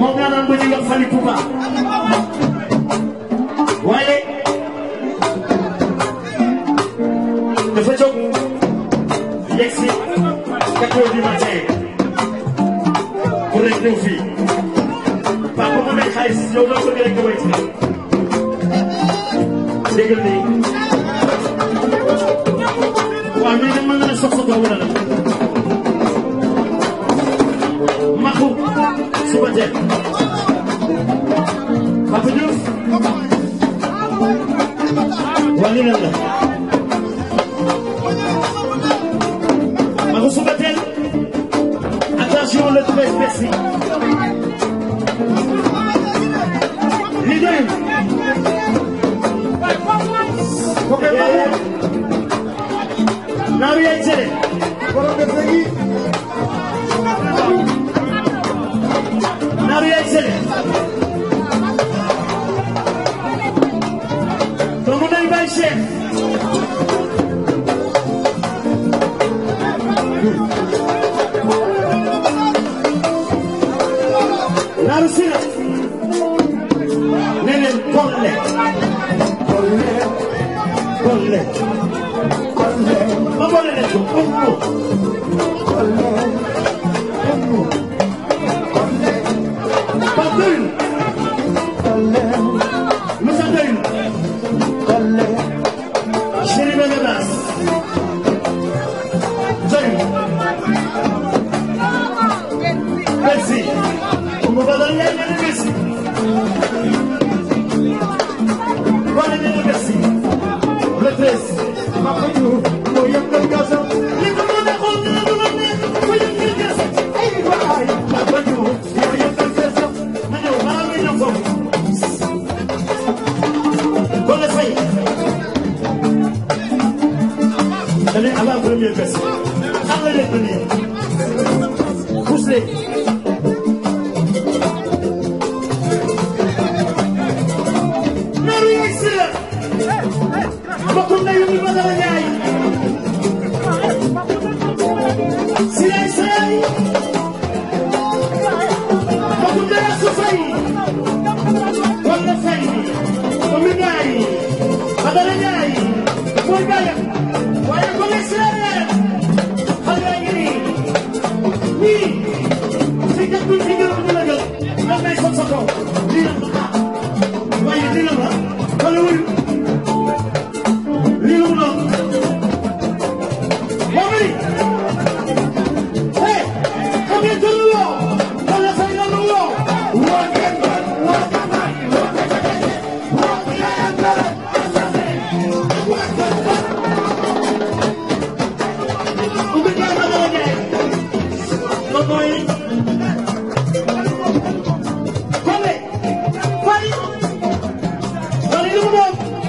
Moom nga naan ba ñu wax Sali Touba de toute espèce. L'idée. Nabi Aizele. Nabi Aizele. Collé Collé Collé Collé ma boole leen ko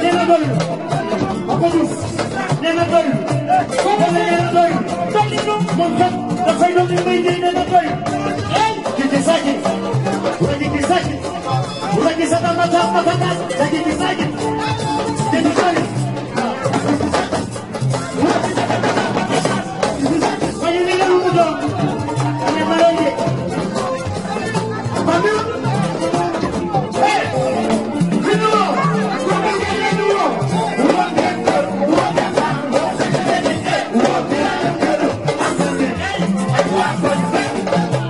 neena doyul Papa Diouf neena doyul. Papa neena doyul. moom kat dafay doon mbay mi neena doyul. Kikisaaki wala kikisaaki wala kisaka mata mata daal kikisaaki Thank you.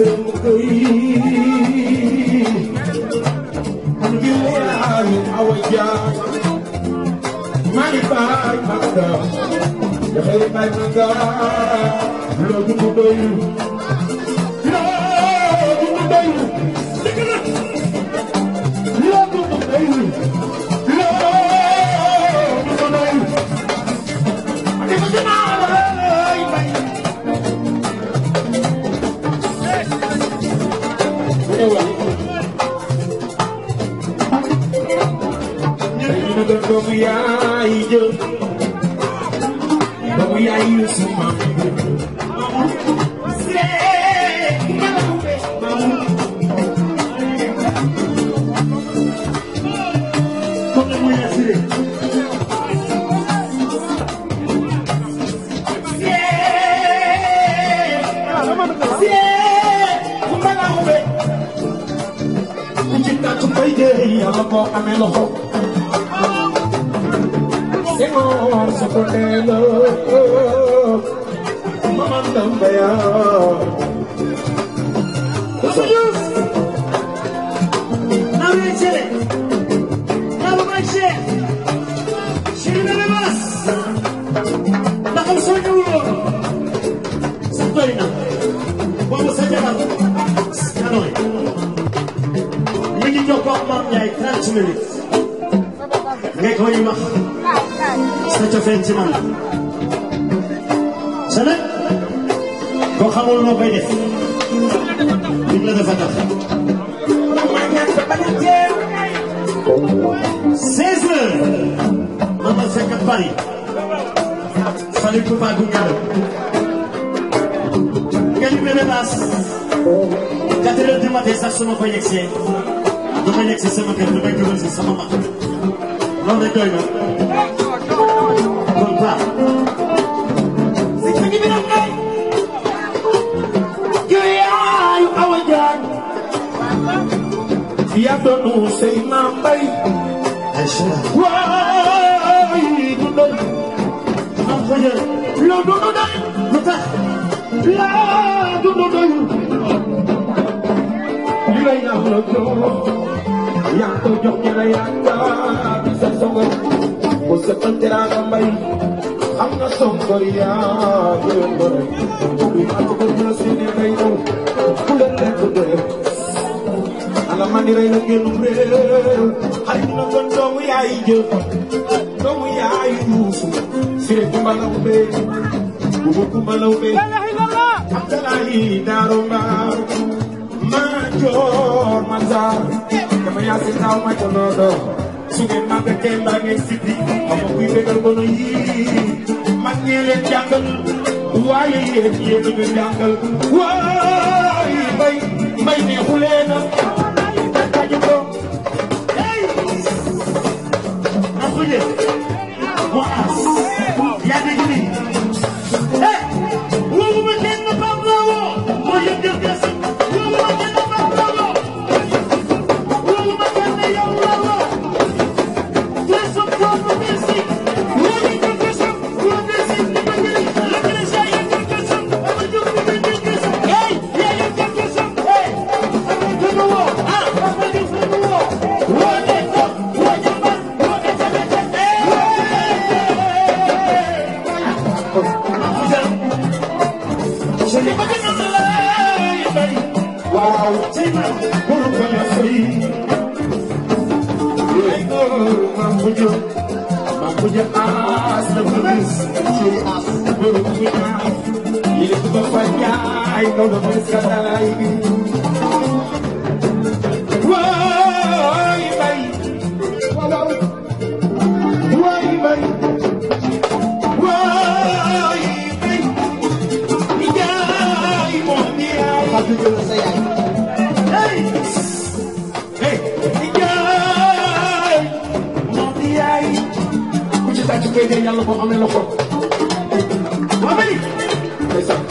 المقيم بالله عوجاك ما يبقى مكة يا خير مكة لو تبقى لو تبقى mu doon doomu yaay jë doomu yaay yu suma I'm in the hole. 30 minutes. ne koy ma sa cofeel ci man la sa nag ko xamul noo koy def lim la dafa tax seize heures ma ma fekk Paris Fally Poupa gu ñaar gañu benn place quatre heures du matin sax su ma ko yegsee du ma yegsi sama kër damay dugal si sama mag loolu rek doy na kon Pa. yaa doon sey naa mbay. waay du doy. am fa jël. loo dund doy. lu tax. laa dund doy. li lay naax la jox. yaa ko jox ñu ne yaa taa di sa songo bu seqal teraanga am na songo yaa gërëm ko rek lu yaa si ne ngay ñëw ku leen lekk gërëm ala man di rey la génn réer xarit na kon doomu yaay jëf doomu yaay yuusu sire kumba law bee bubu kumba law joor man saar dama yaasin naaw ma coloodo su ngeen màggatee mbaa ngeen siddi xam kuy bégal gono yi mag ñee leen jàngal waaye yéen yéen ñu jàngal waay mbay mbay neexu leena tàkkaaju ko am ku jël waa yaa dégg nii ay doon doon sanaay waay bay walaw waay bay waay bay yaay moo di yaay Fatou Diop sa yaay ku ci tàcc koy dee yàlla boo xam ne la ko waa bay